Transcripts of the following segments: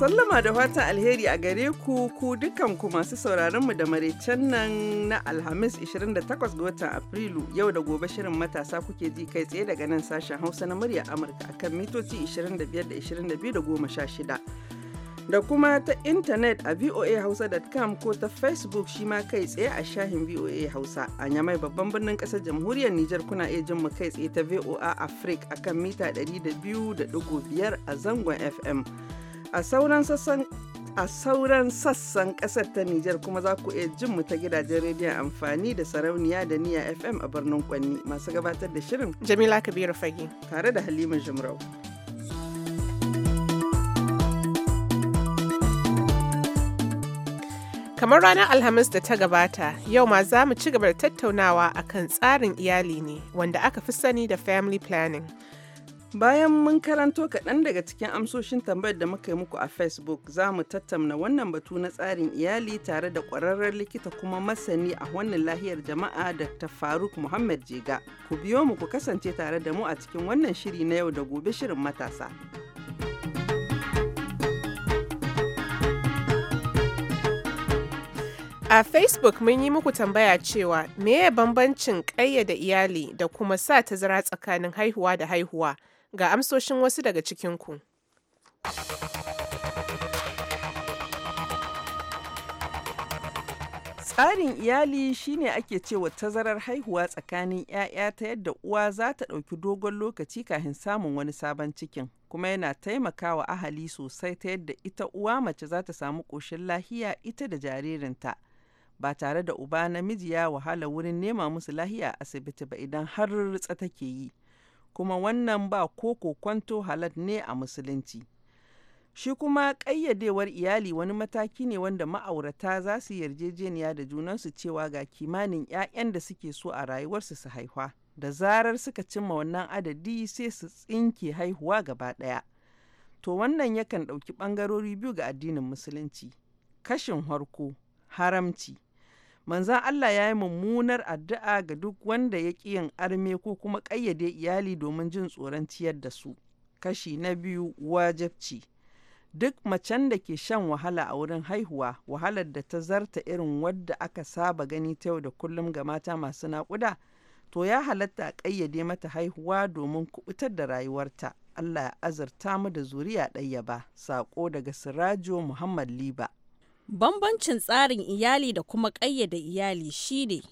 Sallama da fata alheri a gare ku ku dukanku masu sauraron mu da maraicen nan na Alhamis 28 ga watan Afrilu yau da gobe shirin matasa kuke ji kai tsaye daga nan sashen Hausa na murya Amurka akan mitoci 25 da 22 da kuma ta intanet a voahausa.com ko ta Facebook shi ma kai tsaye a shahin VOA Hausa. A nyamai babban birnin ƙasar jamhuriyar Nijar kuna iya jin mu kai tsaye ta VOA Africa akan mita 200.5 a zangon FM. A sauran sassan kasar ta Nijar kuma za ku iya jin mu ta gidajen rediyon amfani da sarauniya da niya FM a birnin Kwanni masu gabatar da shirin Jamila Kabiru Fage tare da Halima Jumrau. Kamar ranar Alhamis da ta gabata, yau ma za mu ci gaba da tattaunawa akan tsarin iyali ne wanda aka fi sani da family planning. Bayan mun karanto kaɗan daga cikin amsoshin tambayar da muka yi muku a Facebook za mu tattauna wannan batu na tsarin iyali tare da ƙwararren likita kuma masani a wannan lahiyar jama'a ta Faruk Muhammad Jega. Ku biyo mu ku kasance tare da mu a cikin wannan shiri na yau da gobe shirin matasa. A Facebook mun yi muku tambaya cewa meye bambancin ƙayyade iyali da kuma sa tazara tsakanin haihuwa da haihuwa. Ga amsoshin wasu daga cikinku. Tsarin iyali shine ake cewa tazarar haihuwa tsakanin 'ya'ya ta yadda uwa za ta ɗauki dogon lokaci kafin samun wani sabon cikin, kuma yana taimakawa ahali sosai ta yadda ita uwa mace za ta samu ƙoshin lahiya ita da jaririnta, ba tare da uba namiji ya wahala wurin nema musu lahiya a asibiti ba idan har take yi. kuma wannan ba ko kwanto halat ne a musulunci. Shi kuma ƙayyadewar iyali wani mataki ne wanda ma'aurata za su yarjejeniya da junansu cewa ga kimanin 'ya'yan da suke so a rayuwarsu su haihuwa. Da zarar suka cimma wannan adadi sai su tsinke haihuwa gaba ɗaya. To wannan yakan ɗauki ɓangarori biyu ga addinin Musulunci. Kashin harko, haramci. manzan Allah ya yi mummunar addu'a ga duk wanda ya ƙi yin arme ko kuma ƙayyade iyali domin jin tsoron ciyar da su. Kashi na biyu wajabci. Duk macen da ke shan wahala a wurin haihuwa, wahalar da ta zarta irin wadda aka saba gani ta yau da kullum ga mata masu naƙuda, to ya halatta a ƙayyade mata haihuwa domin kuɓutar da rayuwarta. Allah ya azurta mu da zuriya ɗaya ba, saƙo daga Sirajo Muhammad Liba. Bambancin tsarin iyali da kuma ƙayyade iyali shine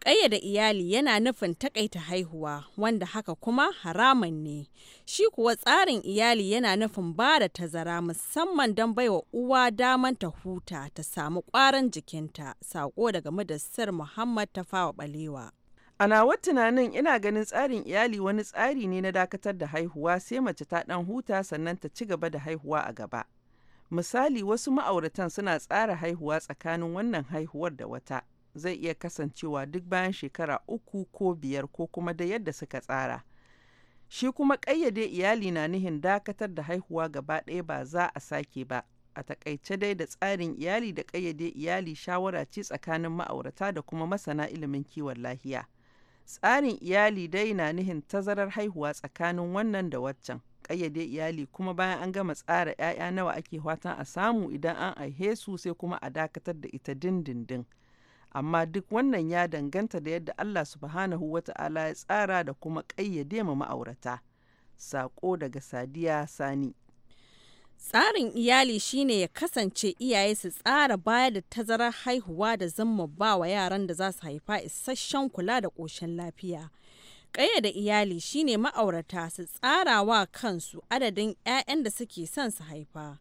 ƙayyade iyali yana nufin taƙaita haihuwa wanda haka kuma haramun ne, shi kuwa tsarin iyali yana nufin ba da tazara musamman don baiwa uwa daman ta huta ta samu ƙwarin jikinta, saƙo daga madassar Muhammad ta fawa Balewa. A nawa tunanin ina ganin tsarin iyali wani tsari ne na dakatar da haihuwa sai mace ta ɗan huta sannan ta ci gaba da haihuwa a gaba. Misali wasu ma'auratan suna tsara haihuwa tsakanin wannan haihuwar da wata zai iya kasancewa duk bayan shekara uku ko biyar ko kuma da yadda suka tsara. Shi kuma ƙayyade iyali na nihin dakatar da haihuwa gaba ɗaya ba za a sake ba. A takaice dai da tsarin iyali da ƙayyade iyali shawara ce tsakanin ma'aurata da kuma masana ilimin kiwon lahiya. Tsarin iyali dai na nihin tazarar haihuwa tsakanin wannan da waccan. ƙayyade iyali kuma bayan an gama tsara 'ya'ya nawa ake fatan a samu idan an aihe su sai kuma a dakatar da ita dindindin amma duk wannan ya danganta da yadda Allah subhanahu wa ta'ala ya tsara da kuma kayyade ma ma'aurata saƙo daga sadiya sani Tsarin iyali shine ya kasance iyaye su tsara baya da tazarar haihuwa da zama ba wa yaran da za su haifa isasshen kula da ƙoshin lafiya. da iyali shine ma'aurata su tsara wa kansu adadin 'ya'yan da suke son su haifa.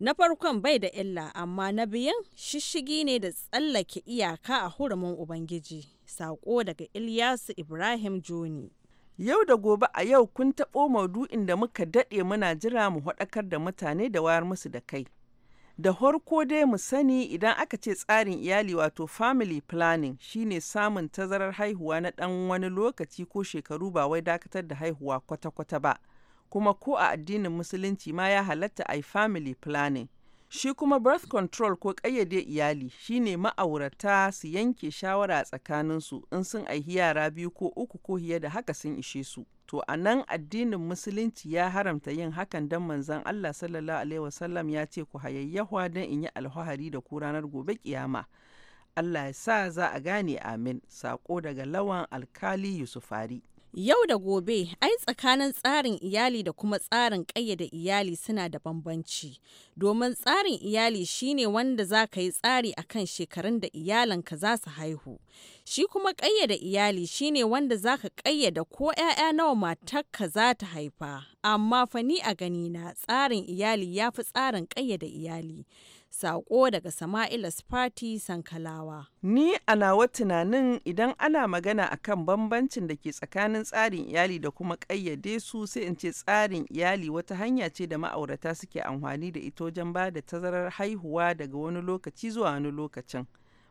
Na farkon bai da illa amma na biyan shishigi ne da tsallake iyaka a hurumin Ubangiji. Saƙo daga Ilyasu Ibrahim Joni. Yau da gobe a yau kun taɓo maudu'in da muka daɗe muna jira mu haɗakar da mutane da wayar musu da kai. Da horko dai mu sani idan aka ce tsarin iyali wato family planning shine samun tazarar haihuwa na ɗan wani lokaci ko shekaru ba wai dakatar da haihuwa kwata-kwata ba. Kuma ko a addinin musulunci ma ya halatta a family planning. Shi kuma birth control ko ƙayyade iyali shine ma'aurata su yanke shawara a su in sun aihi yara biyu ko uku ko hiye da haka sun ishe su. To a nan addinin musulunci ya haramta yin hakan don manzon Allah sallallahu alaihi wasallam ya ce ku hayayyahwa don in yi alfahari da ku ranar gobe kiyama. Allah ya sa za a gane amin. Sako daga lawan alkali Yusufari. Yau da gobe, ai tsakanin tsarin iyali da kuma tsarin ƙayyade iyali suna da bambanci. Domin tsarin iyali shine wanda za ka yi tsari a kan shekarun da iyalanka za su haihu. Shi kuma ƙayyade iyali shine wanda za ka ƙayyade ko 'ya'ya nawa matarka za ta haifa. Amma fani a ganina tsarin iyali ya fi tsarin ƙayyade iyali. Sako daga Sama'ila party Sankalawa. Ni a nawa tunanin idan ana magana a kan bambancin da ke tsakanin tsarin iyali da kuma ƙayyade su sai in ce tsarin iyali wata hanya ce da ma'aurata suke amfani da ita wajen ba da tazarar haihuwa daga wani lokaci zuwa wani lokacin.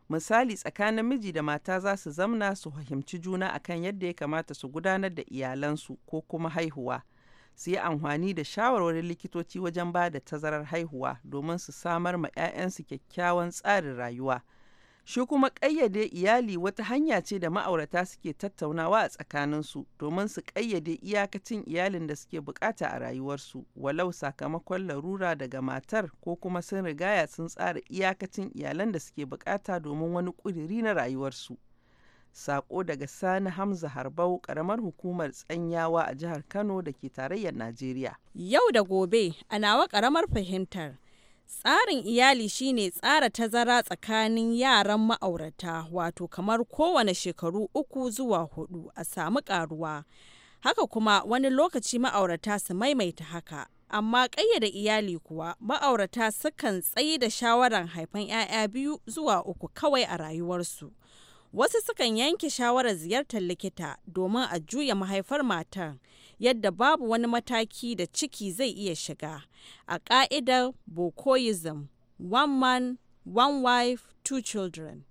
misali tsakanin miji da mata za su zamna su fahimci juna akan yadda ya kamata su gudanar da iyalansu ko kuma haihuwa su yi amfani da shawarwarin likitoci wajen ba da tazarar haihuwa domin su samar ma 'ya'yansu kyakkyawan tsarin rayuwa. Shi kuma ƙayyade iyali wata hanya ce da ma'aurata suke tattaunawa a tsakaninsu domin su ƙayyade iyakacin iyalin da suke bukata a rayuwarsu, walau sakamakon larura daga matar ko kuma sun rigaya sun tsara iyakacin iyalan da suke bukata domin wani ƙudiri na rayuwarsu. Sako daga Sani Hamza Harbau karamar hukumar Tsanyawa a jihar Kano da ke tarayyar Najeriya. Yau da gobe a nawa karamar fahimtar. Tsarin iyali shine tsara tazara tsakanin yaran ma'aurata wato kamar kowane shekaru uku zuwa hudu a samu karuwa. Haka kuma wani lokaci ma'aurata su maimaita haka. Amma ƙayyada iyali kuwa ma'aurata sukan tsayi da shawarar haifan 'ya'ya biyu zuwa uku kawai a rayuwarsu. Wasu sukan yanke shawarar ziyartar likita domin a juya mahaifar matar yadda babu wani mataki da ciki zai iya shiga. A ƙa'idar Bokoism, one man, one wife, two children.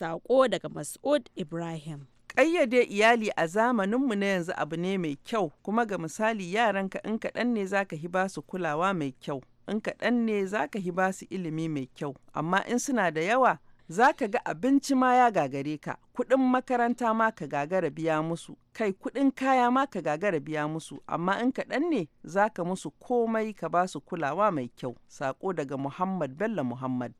Saƙo daga Mas'ud Ibrahim. Ƙayyade iyali a zamaninmu na yanzu abu ne mai kyau kuma ga misali yaranka in kaɗan ne za ka hiba su kulawa mai kyau, in kaɗan ne za ka hiba su ilimi mai kyau, amma in suna da yawa za ka ga abinci ma ya gagare ka kuɗin makaranta ma ka gagara biya musu kai kuɗin kaya ma ka gagara biya musu amma in kaɗan ne za ka musu komai ka ba su kulawa mai kyau Saƙo daga muhammad bello muhammad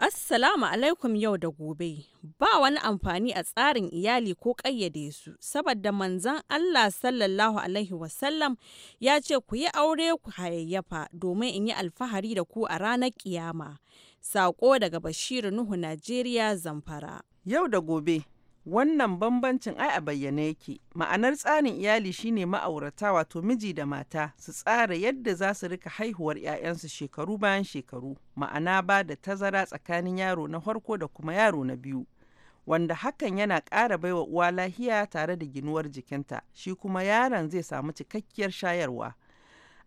Assalamu alaikum yau da gobe. Ba wani amfani a tsarin iyali ko ƙayyade su, saboda manzon Allah sallallahu Alaihi wasallam ya ce ku yi aure ku hayayyafa domin in yi alfahari da ku a ranar ƙiyama. Sako daga Bashiru Nuhu Najeriya Zamfara. Yau da gobe, wannan bambancin ai a bayyana yake. Ma'anar tsarin iyali shine ma'aurata wato miji da mata su tsara yadda za su rika haihuwar 'ya'yansu shekaru bayan shekaru. Ma'ana ba da tazara tsakanin yaro na farko da kuma yaro na biyu. wanda hakan yana ƙara baiwa uwa lahiya tare da ginuwar jikinta shi kuma yaron zai samu cikakkiyar shayarwa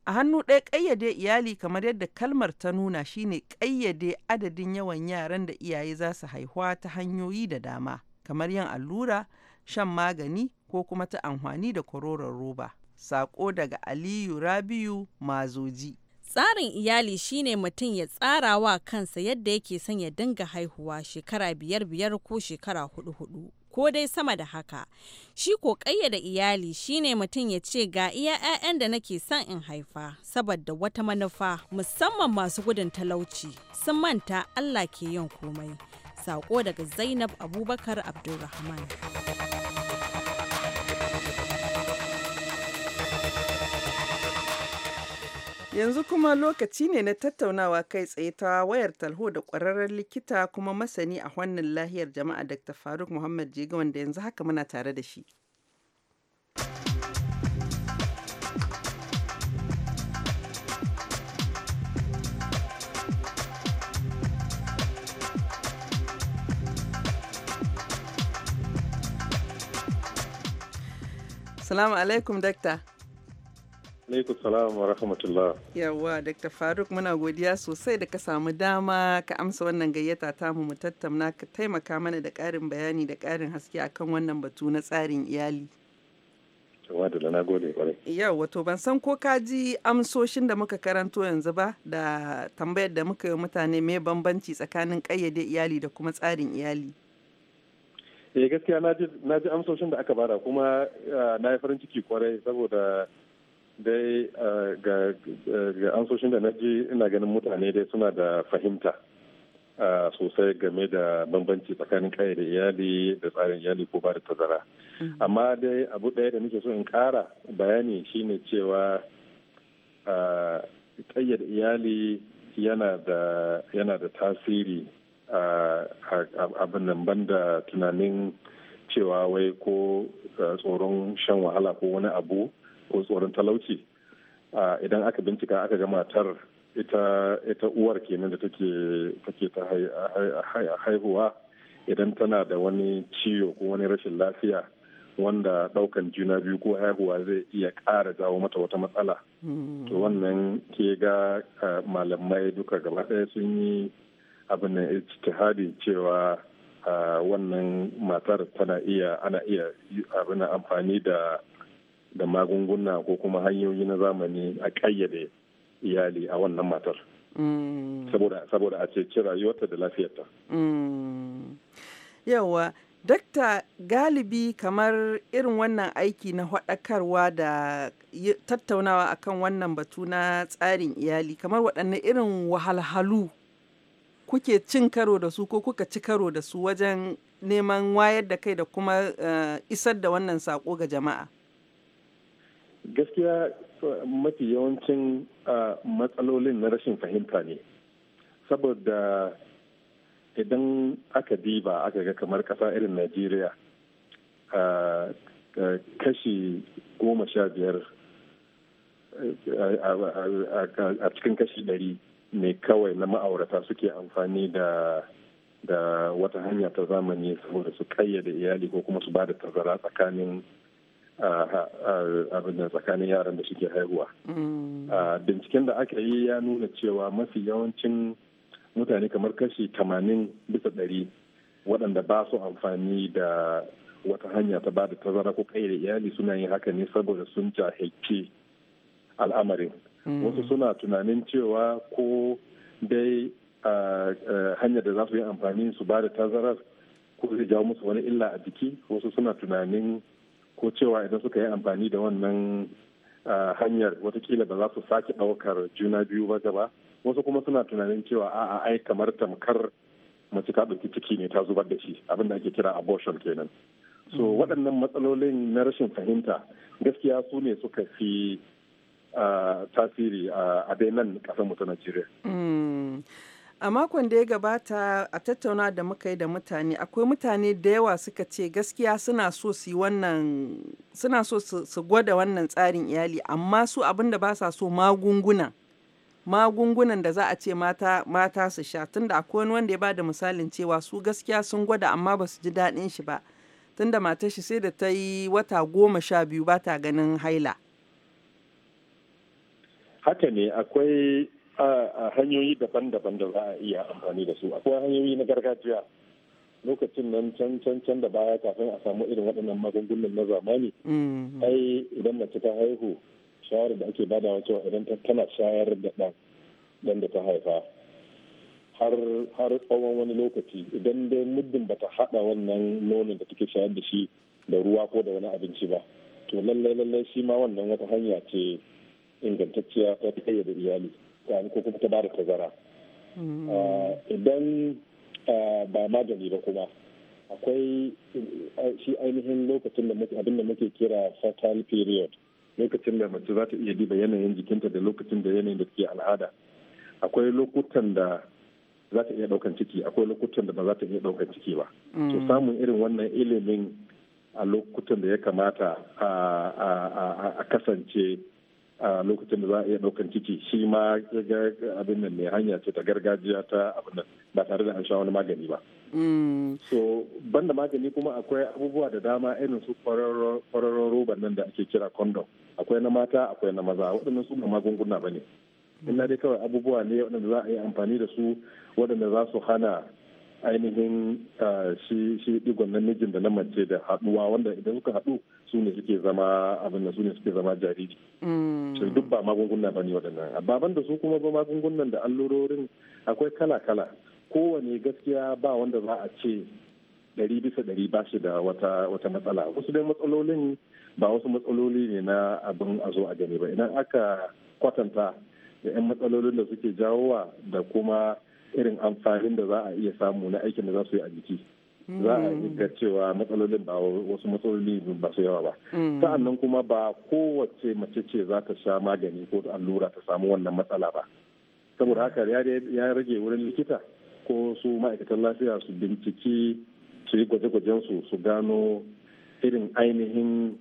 A hannu ɗaya ƙayyade iyali kamar yadda kalmar ta nuna shine ƙayyade adadin yawan yaran da iyaye za su haihuwa ta hanyoyi da dama, kamar yin allura, shan magani ko kuma ta amfani da kwaroron roba. Sako daga Aliyu Rabiu Mazoji. Tsarin iyali shine mutum ya tsara wa kansa yadda yake son ya dinga haihuwa shekara biyar biyar ko shekara hudu hudu. ko dai sama da haka. Shi ko da iyali shine mutum ya ce ga iya 'ya'yan da nake son in haifa saboda wata manufa musamman masu gudun talauci sun manta Allah ke yin komai. Sako daga Zainab Abubakar Abdulrahman. Yanzu kuma lokaci ne na tattaunawa kai tsaye ta wayar talho da ƙwararren likita kuma masani a wannan lahiyar jama'a Dr. Faruk Muhammad jiga wanda yanzu haka muna tare da shi. Salamu alaikum, Dakta. Alaikum salam wa rahmatullah. Yawwa Dr. Faruk muna godiya sosai da ka samu dama ka amsa wannan gayyata ta mu mu tattauna ka taimaka mana da ƙarin bayani da ƙarin haske akan wannan batu na tsarin iyali. Yawwa da na gode kwarai. Yawwa to ban san ko ka ji amsoshin da muka karanto yanzu ba da tambayar da muka yi mutane mai bambanci tsakanin ƙayyade iyali da kuma tsarin iyali. Eh gaskiya na ji amsoshin da aka bada kuma eh, na yi farin ciki kwarai saboda dai eh, ga ansoshin da na ji ina ganin mutane dai suna da fahimta eh, sosai game da bambanci tsakanin kayan da iyali da tsarin iyali ko ba da tazara mm-hmm. amma dai abu ɗaya da nake so in ƙara bayani shine cewa kayyada eh, iyali yana da yana da tasiri abin nan banda tunanin cewa wai ko tsoron shan wahala ko wani abu ko tsoron talauci idan aka bincika aka ga matar ita uwar kenan da take take ta haihuwa idan tana da wani ciwo ko wani rashin lafiya wanda daukan juna biyu ko haihuwa zai iya ƙara jawo mata wata matsala hmm. to wannan ke ga malamai duka gaba ɗaya sun yi abin nan ijtihadi cewa wannan matar tana iya ana iya abin amfani da da magunguna ko kuma hanyoyi na zamani a ƙayyade iyali a wannan matar mm. saboda a ceci rayuwarta da lafiyarta mm. yawa dakta galibi kamar irin wannan aiki na haɗakarwa da tattaunawa akan wannan batu na tsarin iyali kamar waɗanne irin wahalhalu kuke cin karo da su ko kuka ci karo da su wajen neman wayar da kai da kuma eh, isar da wannan saƙo ga jama'a gaskiya mafi yawancin matsalolin na rashin fahimta ne saboda idan aka diba aka ga kamar kasa irin najeriya kashi goma sha biyar a cikin kashi ɗari ne kawai na ma'aurata suke amfani da da wata hanya ta zamani saboda su kayyade iyali ko kuma su bada tazara tsakanin abin da tsakanin yaran da suke haihuwa. Mm. Binciken da aka yi ya nuna cewa mafi yawancin mutane kamar kashi tamanin bisa ɗari waɗanda ba su amfani da wata hanya ta ba da tazara ko kai da iyali suna yin haka ne saboda sun jahilci al'amarin. Mm. Wasu suna tunanin cewa ko dai hanyar da za su yi amfani su ba da tazarar ko zai jawo musu wani illa a jiki wasu suna tunanin ko cewa idan suka yi amfani da wannan hanyar watakila ba za su sake ɗaukar juna biyu ba gaba wasu kuma suna tunanin cewa a'a ai kamar tamkar mace ta ɗauki ciki ne ta zubar da shi abin da ake kira abortion kenan so mm. waɗannan matsalolin na rashin fahimta gaskiya su ne suka fi tasiri a dai nan ƙasar mu ta Najeriya. Mm. A makon da ya gabata a tattauna da muka yi da mutane, akwai mutane da yawa suka ce gaskiya suna so su gwada wannan tsarin iyali, amma su abin da ba sa so magunguna. Magungunan da za a ce mata su sha tunda akwai wani wanda ya ba da misalin cewa su gaskiya sun gwada amma ba su ji daɗin shi ba. Tunda matar shi sai da ta yi wata goma sha biyu ba ta ganin haila. Haka ne akwai a hanyoyi daban-daban da za a iya amfani da su akwai hanyoyi na gargajiya lokacin nan can can can da baya kafin a samu irin waɗannan magungunan na zamani mm-hmm. ai idan mace ta haihu shawarar da ake badawa cewa idan ta tana shayar da ɗan dan da ta haifa har har tsawon wani lokaci idan dai muddin bata haɗa wannan nonon da take shayar da shi da ruwa ko da wani abinci ba to lallai lallai shi ma wannan wata hanya ce ingantacciya ta da iyali ko kuma ta bada tazara mm. ah, idan ah, ba magani ba kuma akwai ah, shi ainihin lokacin da muke abin muke kira fertile period lokacin da mace za ta iya diba yanayin jikinta da lokacin da yanayin da ke al'ada akwai lokutan da za ta iya daukan ciki akwai lokutan da ba za ta iya daukan ciki ba mm. to samun irin wannan ilimin a lokutan da ya kamata a kasance a lokacin da za a iya ɗaukan ciki shi ma ga abin nan ne hanya ce ta gargajiya ta abin nan ba tare da an sha wani magani ba. Mm. So banda magani kuma akwai abubuwa da dama irin su kwararon roban nan da ake kira condom akwai na mata akwai na maza waɗannan su ba magunguna ba ne. Ina dai kawai abubuwa ne waɗanda za a yi amfani da su waɗanda za su hana ainihin ah, shi digon mijin da na mace da haɗuwa wanda idan suka haɗu su ne suke zama abin da su ne suke zama jariri. Mm. So duk ba magungunan ba ne waɗannan. Baban da su kuma ba magungunan da allurorin akwai kala-kala. Kowane gaskiya ba wanda za a ce ɗari bisa ɗari ba shi da wata wata matsala. Wasu dai matsalolin ba wasu matsaloli ne na abin a zo a gani ba. Idan aka kwatanta da 'yan matsalolin da suke jawowa da kuma irin amfanin da za a iya samu na aikin da za su yi a jiki. za a hmm. ga cewa matsalolin ba wasu matsaloli ba su yawa ba hmm. sa'annan kuma ba kowace mace ce za ta sha magani ko allura ta samu wannan matsala ba saboda haka ya rage wurin likita ko su ma'aikatan lafiya su binciki su yi gwaje-gwajen su su gano irin ainihin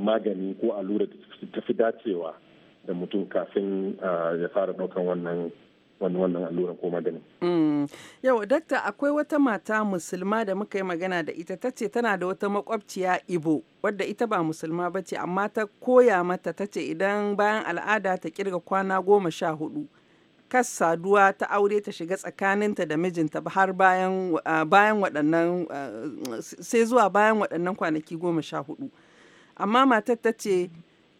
magani ko allura ta fi dacewa da mutum kafin ya fara ɗaukan wannan wannan alluran ko maganin. Mm. Yau, dakta akwai wata mata musulma da muka yi magana da ita ta ce tana da wata makwabciya Ibo wadda ita ba musulma ba ce amma ta koya mata ta ce idan bayan al'ada ta kirga kwana goma sha hudu. Kas saduwa ta aure ta shiga tsakaninta da mijinta har bayan bayan waɗannan sai zuwa bayan waɗannan kwanaki goma sha hudu. Amma matar ta ce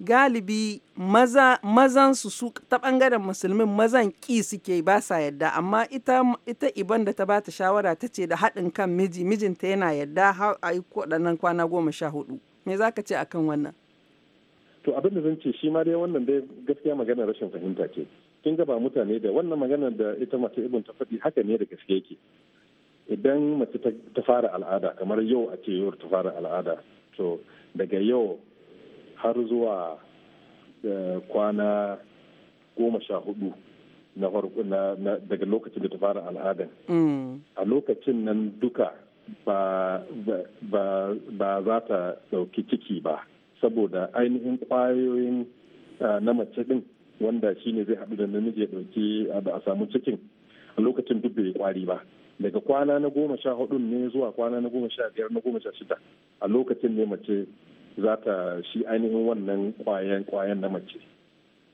galibi maza, mazan su ta bangaren musulmin mazan ki suke ba sa yadda amma ita, ita iban da ta bata shawara ta ce da haɗin kan miji mijinta yana yadda har ayi yi kwana goma sha hudu me za ce akan wannan to abin da zan ce shi ma dai wannan dai gaskiya maganar rashin fahimta ce kin ga ba mutane da wannan maganar da ita mace ibn ta faɗi haka ne da gaske yake idan mace ta fara al'ada kamar yau a ce yau ta fara al'ada to daga yau har zuwa eh, kwana goma sha hudu daga lokacin da ta fara al'adan mm. a lokacin nan duka ba za ta dauki ciki ba saboda ainihin kwayoyin eh, na mace din wanda shi ne zai haɗu da namiji ya ɗauki a samu cikin a lokacin duk bai kwari ba daga kwana na goma sha hudun ne zuwa kwana na goma sha biyar na goma sha shida a lokacin ne mace za ta shi ainihin wannan kwayan kwayan na mace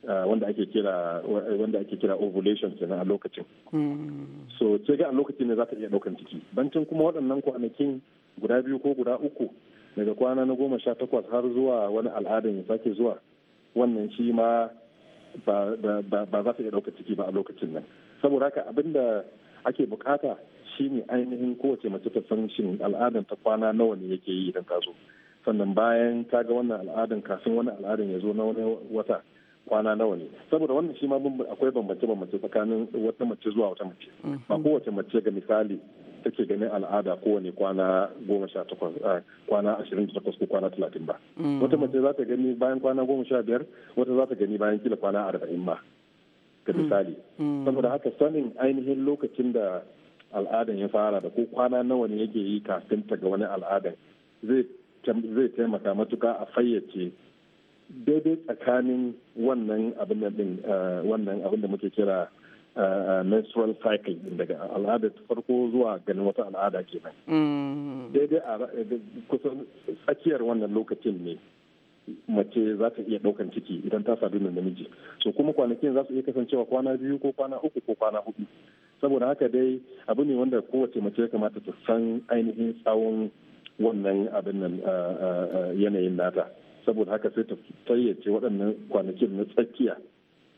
ah, wanda ake kira wanda ake kira ovulation kenan a lokacin mm. so ce ga a lokacin ne za ta iya daukan ciki bancin kuma waɗannan kwanakin guda biyu ko guda uku daga kwana na goma sha takwas har zuwa wani al'adan ya sake zuwa wannan shi ma ba za ta iya ɗaukan ciki ba a lokacin nan saboda haka abin da ake bukata shine ainihin kowace mace ta san shin al'adan ta kwana nawa ne yake yi idan ta zo sannan bayan ta ga wannan al'adan kafin wani al'adan ya zo na wani wata kwana nawa ne saboda wannan shi ma akwai bambance bambance tsakanin wata mace zuwa wata mace ba mm-hmm. kowace mace ga misali take ganin al'ada kowane kwana goma sha takwas kwana ashirin da takwas ko kwana talatin ba mm-hmm. wata mace za ta gani bayan kwana goma sha biyar wata za ta gani bayan kila kwana arba'in ma ga mm-hmm. misali saboda haka sanin ainihin lokacin da al'adan ya fara da ko kwana nawa ne yake yi kafin ta ga wani al'adan zai zai taimaka matuka a fayyace daidai tsakanin wannan abin eh, da muke kira eh, menstrual cycle daga al'ada ta farko zuwa ganin wata al'ada kenan mm. daidai a eh, kusan tsakiyar wannan lokacin ne mace za ta iya ɗaukan ciki idan ta sadu da namiji so kuma kwanakin za su iya kasancewa kwana biyu ko kwana uku ko kwana hudu saboda haka dai abu ne wanda kowace mace ya kamata ta san ainihin tsawon wannan abin nan yanayin nata saboda haka sai ta fayyace waɗannan kwanakin na tsakiya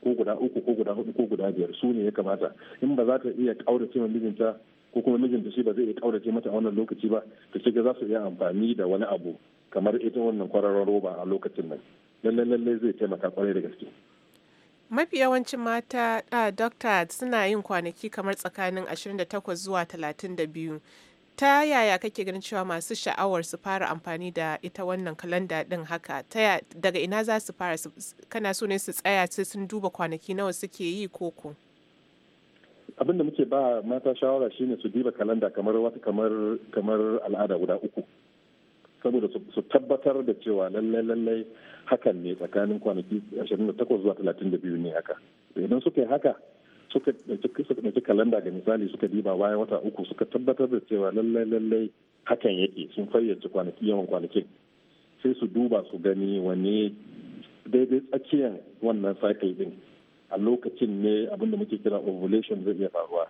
ko guda uku ko guda hudu ko guda biyar su ne ya kamata in ba za ta iya ƙaurace ma mijinta ko kuma mijinta shi ba zai iya ƙaurace mata a wannan lokaci ba ta shiga za su iya amfani da wani abu kamar ita wannan kwararon roba a lokacin nan lallai lallai zai taimaka kwarai da gaske mafi yawancin mata a doctor suna yin kwanaki kamar tsakanin 28 zuwa 32 ta yaya kake ganin cewa masu sha'awar su fara amfani da ita wannan kalanda din haka daga ina za su fara kana so ne su tsaya sai sun duba kwanaki nawa suke yi koko abin da muke ba mata shawara shine su diba kalanda kamar wata kamar kamar al'ada guda uku saboda su tabbatar da cewa lallai lallai hakan ne tsakanin kwanaki 28 zuwa 32 ne haka idan suka yi haka suka suka kalanda ga misali suka diba bayan wata uku suka tabbatar da cewa lallai lallai hakan yake sun fayyace kwanaki yawan kwanakin sai su duba su gani wani daidai tsakiyar wannan cycle din a lokacin ne abinda muke kira ovulation zai iya faruwa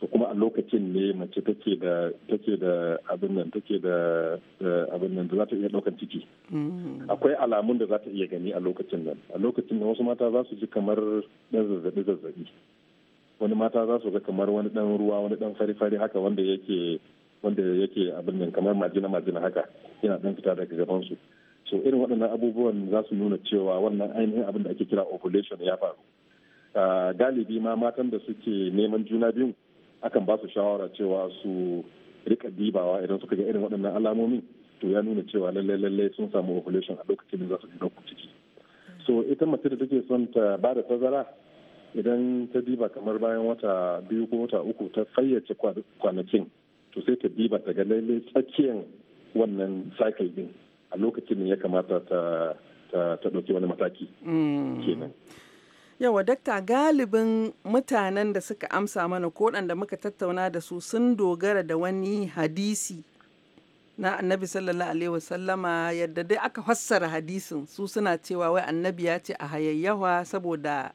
so kuma a lokacin ne mace take da take da abin nan take da abin nan za ta iya daukar ciki mm-hmm. akwai alamun da za ta iya gani a lokacin nan a lokacin nan wasu mata za su ji kamar zazzabi zazzabi wani mata za su ga kamar wani dan ruwa wani dan fari-fari haka wanda yake wanda yake abin nan kamar majina majina haka yana dan fita daga gaban su so irin waɗannan abubuwan za su nuna cewa wannan ainihin abin da ake kira ovulation ya faru ah, galibi ma matan da suke neman juna biyu akan ba su shawara cewa su rika dibawa idan suka ga irin waɗannan alamomin to ya nuna cewa lallai lallai sun samu ovulation a lokacin da za su ji ciki so ita mace da take son ta ba da tazara idan ta diba kamar bayan wata biyu ko wata uku ta fayyace kwanakin to sai ta diba daga lailai tsakiyar wannan cycle din a lokacin ya kamata ta ɗauki wani mataki mm. kenan. yawa dakta galibin mutanen da suka amsa mana ko da muka tattauna da su sun dogara da wani hadisi na annabi sallallahu alaihi wasallama yadda dai aka fassara hadisin su suna cewa wai annabi ya ce a hayayyawa saboda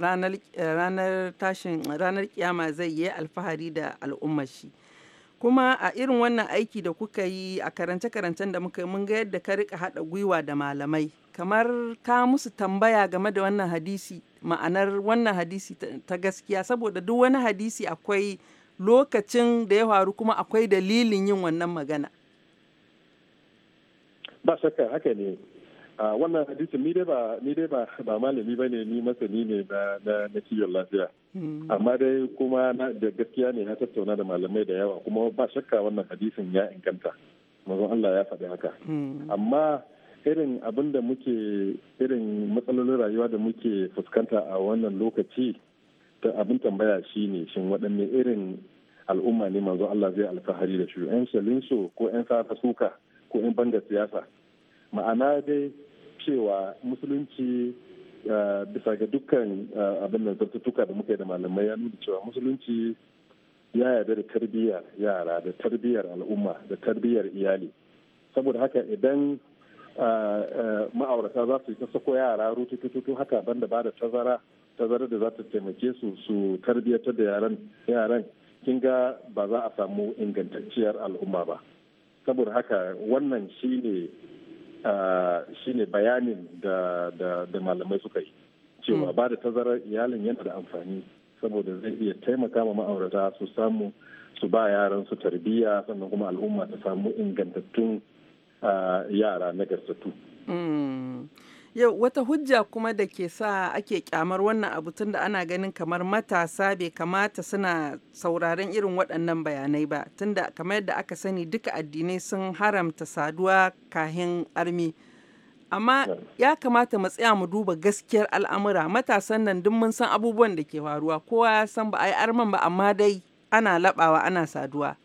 ranar tashin ranar kiyama zai yi alfahari da al'ummar shi kuma a irin wannan aiki da kuka yi a karance-karancen da muka yi mun ga yadda ka rika haɗa gwiwa da malamai kamar ka musu tambaya game da wannan hadisi ma'anar wannan hadisi ta gaskiya saboda duk wani hadisi akwai lokacin da ya faru kuma akwai dalilin yin wannan magana ba shakka haka ne wannan hadisin ni dai ba ni dai ba ba malami bane ni masani ne na na lafiya hmm. amma dai kuma da gaskiya ne na tattauna da malamai da yawa kuma ba shakka wannan hadisin ya inganta mazo Allah ya faɗi haka hmm. amma irin abin da muke irin matsalolin rayuwa da muke fuskanta a wannan lokaci ta abin tambaya shine shin waɗanne irin al'umma ne manzo Allah zai alfahari da shi yan shalinso ko yan safa suka ko yan banga siyasa ma'ana dai cewa musulunci eh, bisa ga dukkan eh, abin da zartutuka da muka yi da malamai ya nuna cewa musulunci ya yarda da tarbiyyar yara da tarbiyyar al'umma da tarbiyyar iyali saboda haka idan eh, ma'aurata za su yi ta sako yara rututututu haka banda ba da tazara tazara da za ta taimake su su tarbiyyatar da yaran yaran kin ga ba za a samu ingantacciyar al'umma ba saboda haka wannan shine shine bayanin da malamai suka yi cewa mm. ba da tazarar iyalin yana da amfani saboda zai iya taimaka ma ma'aurata su samu su ba yaran su tarbiyya sannan kuma al'umma ta samu ingantattun yara na nagartattu. Mm. Yau wata hujja kuma da ke sa ake kyamar wannan abu tun da ana ganin kamar matasa bai kamata suna sauraron irin waɗannan bayanai ba tun da kamar yadda aka sani duka addinai sun haramta saduwa kahin armi. Amma ya kamata mu tsaya mu duba gaskiyar al'amura matasan nan duk mun san abubuwan da ke faruwa kowa ya san ba a yi arman ba amma dai ana laɓawa ana saduwa.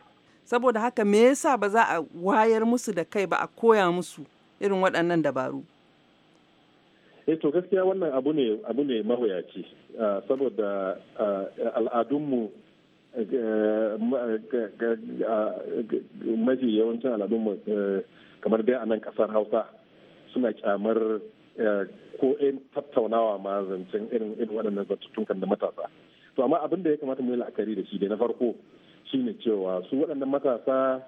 Saboda haka me yasa ba za a wayar musu da kai ba a koya musu irin waɗannan dabaru. eh to gaskiya wannan abu ne abu ne mawuyaci ah, saboda ah, al'adunmu eh, mafi yawancin al'adunmu eh, kamar dai a nan kasar hausa suna kyamar eh, ko in tattaunawa ma zancen irin irin waɗannan zartuttukan da matasa to amma abin da ya kamata mu yi la'akari da shi da na farko shine cewa su waɗannan matasa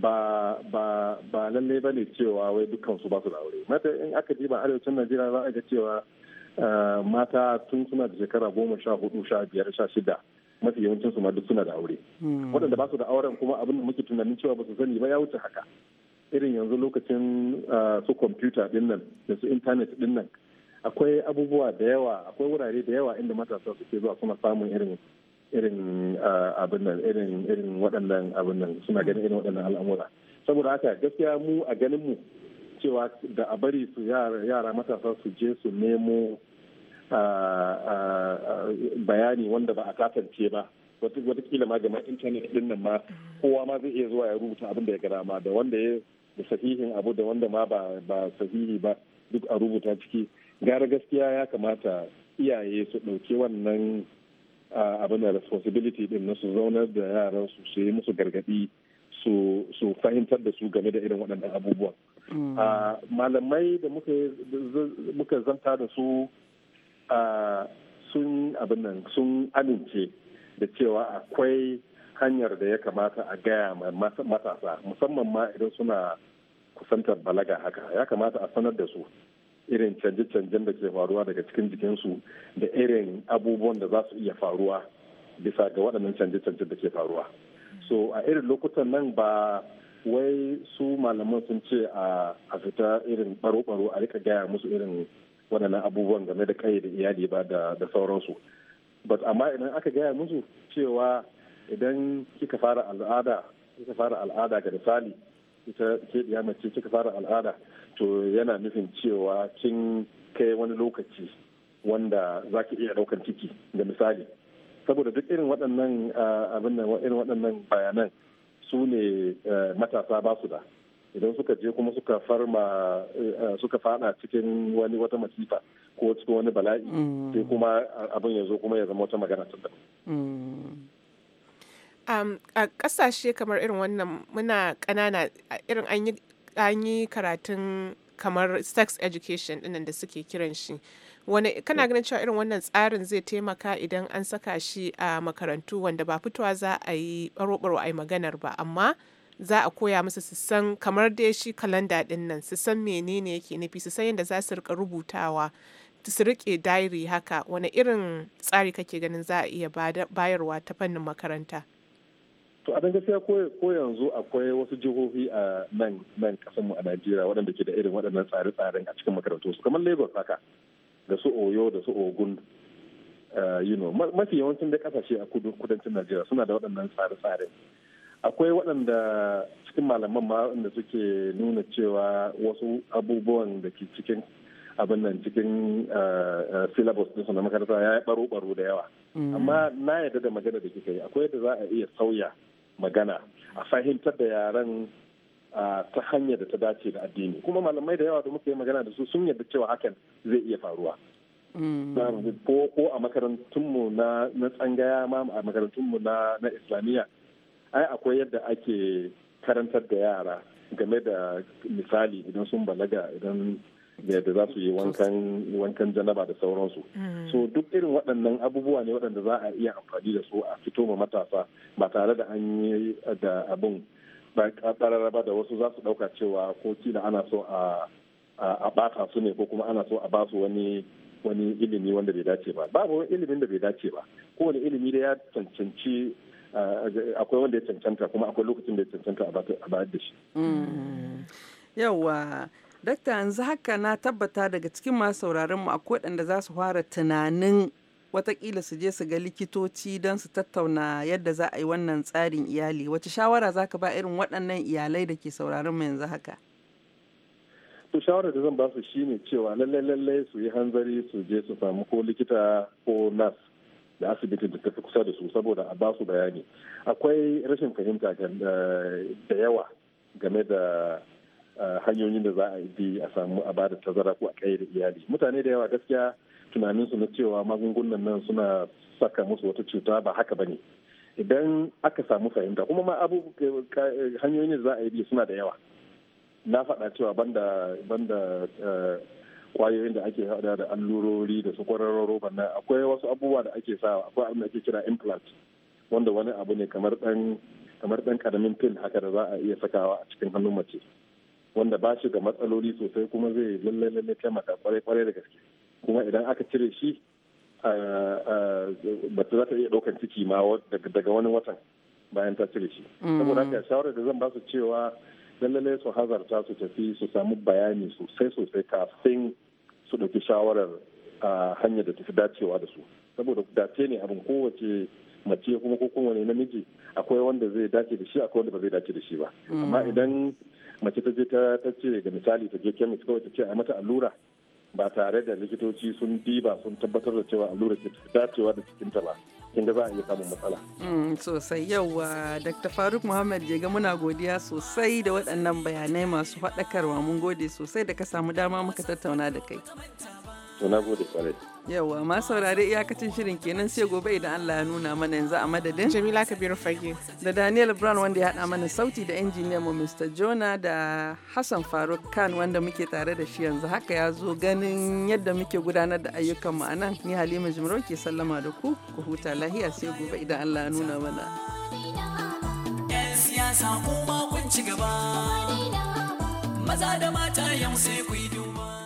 ba lallai ba ne cewa wai dukkan su ba su da aure mata in aka ji ba arewacin najeriya za a ga cewa eh, mata tun suna da shekara goma sha hudu sha biyar sha shida mafi yawancin su ma duk suna da aure hmm. waɗanda ba su da auren kuma abin da muke tunanin cewa ba su sani ba ya wuce haka irin yanzu lokacin eh, su kwamfuta din nan da su intanet din nan akwai abubuwa da yawa akwai wurare da yawa inda matasa suke zuwa suna samun irin irin ah, abin nan irin irin waɗannan abin nan suna ganin irin waɗannan al'amura saboda haka gaskiya mu a ganin mu cewa da a bari su yara matasa su je su nemo ah, ah, bayani wanda ba a kasance ba watakila ma game intanet din nan ma kowa ma zai iya zuwa ya rubuta abin da ya gara ma da wanda ya da sahihin abu da wanda ma ba sahihi ba duk a rubuta ciki gara gaskiya ya kamata iyaye su ɗauki wannan abin da responsibility din na su zaunar da yaran su su yi musu gargadi su fahimtar da su game da irin waɗannan abubuwan mm. malamai da muka zanta da su sun abin nan sun amince da cewa akwai hanyar da ya kamata a gaya matasa musamman ma idan suna kusantar balaga haka ya kamata a sanar da su irin canje-canjen da ke faruwa daga cikin jikinsu da irin abubuwan da za su iya faruwa bisa ga waɗannan canje-canjen da ke faruwa so a irin lokutan nan ba wai su malaman sun ce a fita irin baro-baro a rika gaya musu irin waɗannan abubuwan game da kai da iyali ba da sauransu but amma idan aka gaya musu cewa idan kika fara al'ada kika fara al'ada ga misali ita keɗiya mace kika fara al'ada to yana nufin cewa kin kai wani lokaci wanda za ki iya ɗaukan ciki da misali saboda duk irin waɗannan irin waɗannan bayanan su ne matasa ba su da idan suka je kuma suka farma suka fada cikin wani wata masifa ko cikin wani bala'i mm. sai kuma abin ya zo kuma ya zama wata magana ta Um, a kasashe kamar irin wannan muna kanana irin an yi karatun kamar sex education ɗinnan da suke kiran shi wani kana ganin cewa irin wannan tsarin zai taimaka idan an saka shi a makarantu wanda ba fitowa za a yi baro-baro a yi maganar ba amma za a koya musu su san kamar dai shi kalanda ɗin nan su san menene yake nufi su san yadda za su rika rubutawa su rike diary haka wani irin tsari kake ganin za a iya bayarwa ta fannin makaranta to a gaskiya ko yanzu akwai wasu jihohi a nan nan kasanmu a najeriya waɗanda ke da irin waɗannan tsare-tsaren a cikin makarantu su kamar lagos haka da su oyo da su ogun uh, mafi yawancin da kasashe a kudancin najeriya suna da waɗannan tsare-tsaren akwai waɗanda cikin malaman ma waɗanda suke nuna cewa wasu abubuwan da ke cikin abin nan cikin uh, uh, syllabus ɗinsu na makaranta ya yi baro-baro da yawa mm. amma na yarda da magana da kika yi akwai yadda za a iya sauya magana a fahimtar da yaran ta hanyar da ta dace da addini kuma malamai da yawa da muka yi magana da su sun yarda cewa hakan zai iya faruwa mm. ko a makarantunmu na tsangaya ma a makarantunmu na islamiyya ai akwai yadda ake karantar da yara game da misali idan sun balaga idan da za su yi wankan janaba da sauransu hmm. so duk irin waɗannan abubuwa ne waɗanda za a iya amfani da su a fito ma matasa ba tare da an yi da abin ba da wasu za su ɗauka cewa ko kila ana so a ɓata su ne ko kuma ana so a ba su wani wani ilimi wanda bai dace ba babu wani ilimin da bai dace ba kowane ilimi da ya cancanci akwai wanda ya cancanta kuma akwai lokacin da ya cancanta a bayar da shi hmm. yawwa Dakta yanzu haka na tabbata daga cikin masu sauraron mu akwai waɗanda za su fara tunanin watakila su je su ga likitoci don su tattauna yadda za a yi wannan tsarin iyali. Wace shawara za ka ba irin waɗannan iyalai da ke sauraron mu yanzu haka? To shawarar da zan ba su shi ne cewa lallai lallai su yi hanzari su je su samu ko likita ko nas da asibitin da tafi kusa da su saboda a ba su bayani. Akwai rashin fahimta eh, da yawa game da hanyoyin da za a bi a samu a bada tazara ko a da iyali mutane da yawa gaskiya tunanin su na cewa magungunan nan suna saka musu wata cuta ba haka ba ne idan aka samu fahimta kuma ma abu hanyoyin da za a bi suna da yawa na faɗa cewa banda banda kwayoyin eh, da ake hada da allurori da su kwararon roba na akwai wasu abubuwa da ake sawa akwai abin da ake kira implant wanda wani abu ne kamar ɗan kamar ɗan karamin pin haka da za a iya sakawa a cikin hannun mace wanda ba shi ga matsaloli sosai kuma zai lallai lallai taimaka kwarai kwarai da gaske kuma idan aka cire shi mace za ta iya ɗaukan ciki ma daga wani watan bayan ta cire shi mm. saboda haka shawarar da zan ba su cewa lallai su hazarta su tafi su samu bayani sosai sosai kafin su ɗauki shawarar a hanyar da tafi dacewa da su saboda dace ne abin kowace mace kuma ko kowane namiji akwai wanda zai dace da shi akwai wanda ba zai dace da shi ba mm. amma idan mace ta je ta ce da misali ta je kemis kawai ta ce a mata allura ba tare da likitoci sun diba sun tabbatar da cewa allura ce dacewa da cikinta ba kin za a iya samun matsala. Mm, sosai yauwa dr faruk muhammad jega muna godiya sosai da waɗannan bayanai masu faɗakarwa mun gode sosai da ka samu dama muka tattauna da kai. To na gode kwarai. Yawwa ma saurari iyakacin shirin kenan sai gobe idan Allah ya nuna mana yanzu a madadin. Jamila Kabiru Fage. Da Daniel Brown wanda ya haɗa mana sauti da injiniyan mu Mr. Jona da Hassan Faruk Khan wanda muke tare da shi yanzu haka ya zo ganin yadda muke gudanar da ayyukan mu anan. Ni Halima Jimrau ke sallama da ku ku huta lahiya sai gobe idan Allah ya nuna mana. Yan siyasa kuma kun gaba. Maza da mata yau sai ku yi